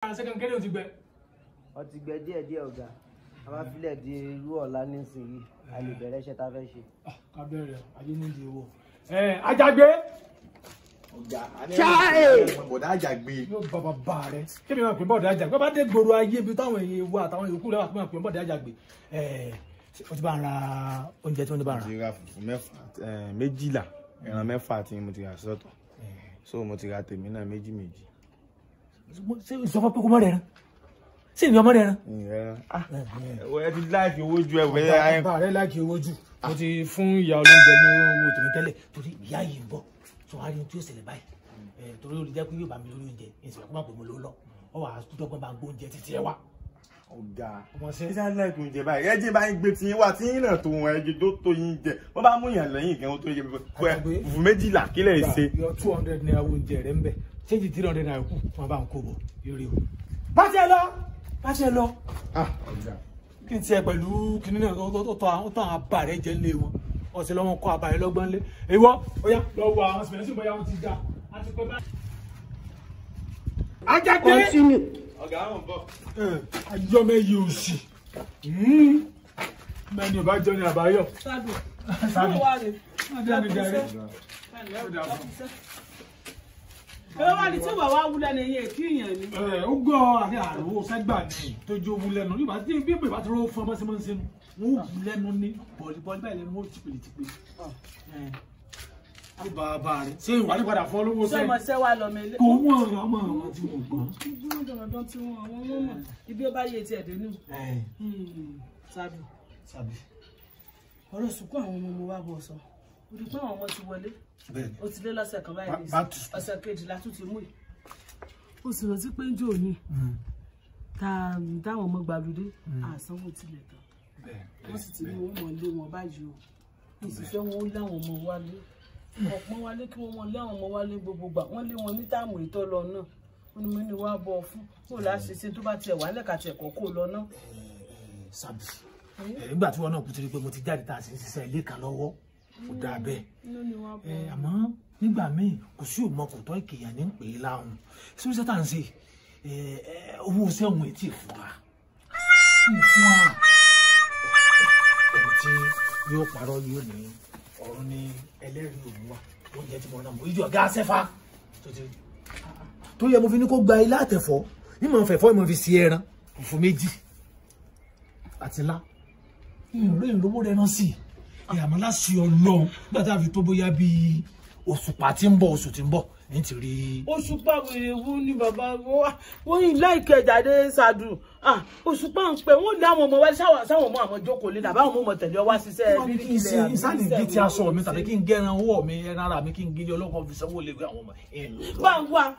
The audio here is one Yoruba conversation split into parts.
sẹ́kàn kéré ò ti gbẹ. ó ti gbẹ díẹ̀ díẹ̀ ọ̀gá a máa filẹ̀ di irú ọ̀la nísìnyí a lè bẹ̀rẹ̀ iṣẹ́ tá a fẹ́ ṣe. Ah, ká bẹ̀rẹ̀ ayé ní ìdí owó. ẹ ajagbe. ọ̀gá alẹ́ bọ̀dá ajagbe. yóò bá bá bá rẹ kébì máa pè bọ̀dá ajagbe bá dé gbòòrò ayé ibi táwọn èèyàn wà àtàwọn yòókù rẹ wà pé pè bọ̀dá ajagbe. o ti bá ń ra oúnjẹ tí wọ́n ti bá ń mo ti ra fùfú méjìlá ẹran mẹ́fà tí mo ti rà sọ́tọ̀ so mo ti ra tèmi náà méjì méjì sọ fún pé kó mọ rẹ rán sí ìyẹn ọmọ rẹ rán. Ah. ẹ ti láìkì owó ju ẹwẹ ayé. bàbá rẹ láìkì owó ju mo ti fún ìyá olóúnjẹ ní owó tèmi tẹ́lẹ̀ torí ìyá yìí ń bọ̀ tó wá rí ohun tí ó ṣẹlẹ̀ báyìí torí ó lè jẹ́ pé yóò bá mi lórí oúnjẹ ìsìnkú máa pè mí ló lọ ọ wà á dọ́gbọ́n bá gbóúnjẹ títí ẹ wá ọ̀gá ẹ̀sẹ̀ aláìkún jẹ báyìí ẹ̀jẹ̀ bá ń gbé tiyín wá tiyín náà tó wọn ẹ̀jẹ̀ tó tó yín jẹ wọ́n bá mú yàn lẹ́yìn gan tó yẹ fún méjìlá kílẹ̀ ṣe. two hundred naira oúnjẹ rẹ ń ṣéǹjì three hundred naira kù fún abá nǹkó bọ̀ eré o. bá tiẹ̀ lọ bá tiẹ̀ lọ. Ah, kí n tiẹ̀ pẹ̀lú kinní náà ó tọ́ àwọn abà rẹ̀ jẹ́ lé wọn ọ̀sẹ̀ lọ́wọ́ kọ́ abà rẹ̀ lọ́gbọ́n lé ìwọ bóyá lọ́wọ́ àwọn sìmẹ́lẹ́ sí bóyá wọ́n ti dá a ti pẹ́ bá. ajáde ọ̀gá àwọn ń bọ̀. ayọ́mẹ́yẹ òsì hmm. mẹ́ni ò bá jọ ní àbáyọ̀. sábì sábì wà lè ẹ wá tí bàbá wúlẹ̀ ni iye kí èèyàn ni. ẹ ó gbọ́ àti àrùn sẹ́gbà ni tó jó nù yóò bí bí bàbá ti rọ́ fún ọmọ sẹ́mọ́ sẹ́nu wọn ò wúlẹ̀ nù ní bọ̀lìbọ̀lì báyìí lẹ́nu wọn ò tìpìlì tìpìlì. ṣé bàbá rẹ ṣé ìwà ní padà fọ́ lówó sẹ́yìn. sọmọṣẹ́ wa lọ mẹ́lẹ́. kò wọ́n ọ̀rọ̀ ọmọ àwọn tí wọ́n gbọ́. ibi ó bá yẹ ti ẹ̀dẹ́ hmm, ọ̀rọ̀ ibi tí àwọn ọmọ ti wọlé o ti lé lọ́sẹ̀ kan báyìí ọ̀sẹ̀ kejì la o sì rántí pé ń jò ní hmm. táwọn ọmọ gbàlódé àsanwó hmm. tilẹ̀ kan wọ́n sì ti ní wọ́n mọ̀ lé wọn báyìí o mo sì fẹ́ wọn ó láwọn ọmọ wálé ọ̀pọ̀ wálé kí wọ́n lé àwọn ọmọ wálé gbogbo gbà wọ́n lé wọn ní táàmù ìtọ́ lọ náà wọ́n ní mo ní wàá bọ̀ fún kó o láṣẹ ṣe tó bá tiẹ̀ wà lẹ́ka tiẹ̀ kọ́ kó o lọ náà. Eh, eh, eh, sábì hmm? nígbà tí wọn náà kú ti rí i pé mo ti ó dáa bẹ́ẹ̀ ẹ àmọ́ nígbà míì kò sí òmọkùtọ́ ìkìyàn ní pè é láhùn síbi sẹ́tà ń ṣe owó sẹ́wọ̀n etí fún wa fún wa ẹni tí yóò parọ́ yóò ní ọ̀run ní ẹlẹ́rìí òun wa oúnjẹ tí mo rán mọ́ ìjọ ọ̀gá sẹ́fà tó yẹ mo fi ní kó gba ilé àtẹ̀fọ́ ní mò ń fẹ̀fọ́ ìmọ̀ fi sí ẹran òfò méjì àti ńlá ìró ìrówó rẹ̀ náà sí àmọ́ láti ọlọ́run nígbà tá a fi tó bóyá bíi òṣùpá tí ń bọ̀ oṣù tí ń bọ̀ ní ti rí. òṣùpá wèrè wo ni bàbá wọn yìí láìkẹ jáde ṣáàdù òṣùpá ń pẹ wọn dáwọn ọmọ wa sáwọn ọmọ àwọn jókòó lé tàbí àwọn ọmọ tẹlẹ wá ṣiṣẹ́. wọn ní kí n ṣe ìsáàlì gé ti aṣọ mi tàbí kí n gẹran ẹran ara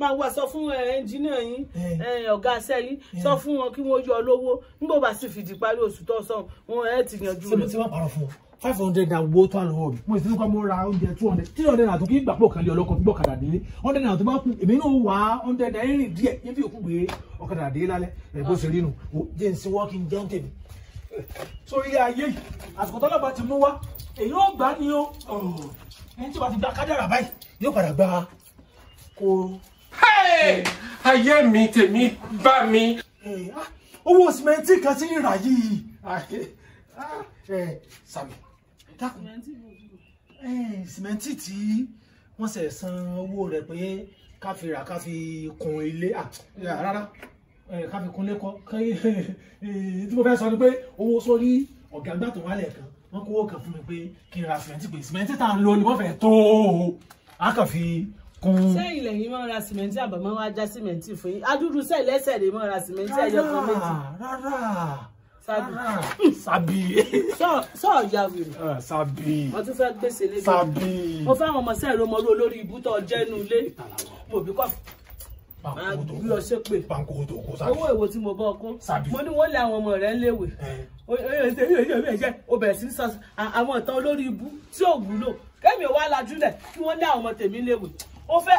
máa wá sọ fún ẹnjìnìà eh, yín eh. Eh, ọ̀gá iṣẹ́ yín sọ fún wọn kí wọ́n yọ lówó nígbà bá sì fìdí parí oṣù tó sọ wọn ẹ ti yanjú rẹ̀. ṣé mo ti wá pàrọ̀ fún ọ five hundred naira wo tó àlọ́ mi mo sì ní kọ́ mo ra oúnjẹ two hundred three hundred naira tó kí n gbà pọ̀ kan lé ọlọ́kọ̀ gbọ́ ọ̀kadà délé hundred naira tó bá kú èmi náà wà á hundred naira rìn díẹ̀ yín òkú gbé ọ̀kadà délé lálẹ́ ẹ̀ bó ṣe rí working jẹun so ilé ayé àsìkò tó lọ́ba ti mú wá èyí ó gbà ní o ẹni tí wàá ti gba kájàrà báyìí yóò padà gba kóró. ayé mi tèmi bá mi. Ah, owó simẹnti kan ti ń rà yìí ah, ah, Sami sìmẹ́ntì tí wọ́n ṣe san owó rẹ̀ pé ká fi rà ká fi kun ilé rárá ká fi kun ilé kọ́ tí mo fẹ́ sọ ni pé owó sórí ọ̀gá àgbà tó wálẹ̀ kan wọ́n kówó kan fún mi pé kí n ra sìmẹ́ntì pé sìmẹ́ntì tá à ń lò ni wọ́n fẹ́ tó o a kàn fi kun. sẹ́yìn lẹ́yìn máa ra sìmẹ́ntì àbámọ́ wá já sìmẹ́ntì fún yín adúdú sẹ́yìn lè máa ra sìmẹ́ntì ẹ̀yẹ fún méjì. rárá rárá sabi sabi sọ ọ̀yà wèrè sabi wọ́n tún fẹ́ gbèsè lé sabi mo fẹ́ àwọn ọmọ sẹ́ẹ̀rọ ọmọ olórí ibùtọ̀ jẹ́nu ilé mo bí kọ́ bí o ṣe pé owó èwo tí mo bọ́ kún mo ní wọ́n lé àwọn ọmọ rẹ̀ ń léwe o bẹ̀rẹ̀ sí sọ àwọn ìtàn olórí ibú tí ò wúlò kẹ́mi wà lajú lẹ̀ kí wọ́n lé àwọn ọmọ tèmi léwe ó fẹ́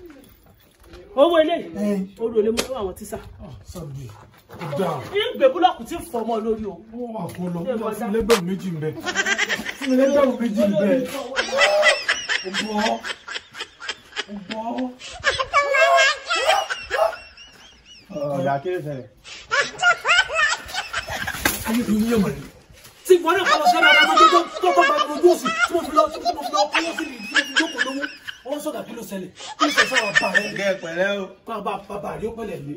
owó eléyìí orí olè mú àwọn tíṣà. sọ́ọ̀dì ó dáa. ìgbè búlọ́ọ̀kù lórí o. wọ́n wà fún ọ lọ fún lẹ́gbẹ̀rún méjì ń bẹ fún lẹ́gbẹ̀rún méjì ń bẹ. ọgbọ́ ọgbọ́. ọ̀dà kí ló ṣẹlẹ̀. ayé mi yé wọn tí ìwọ náà kọ́ ọ sára ọmọdé tó kọ́ bá gbogbo òsì tí mo fi lọ sí mo fi lọ kọ́ ọ sí ìdílé ìjókòó lówó wọ́n sọ̀gà kí ló ṣẹlẹ̀ kí ló ṣe sáwọn bàbá rẹ̀ kí bàbá rẹ̀ ó mi.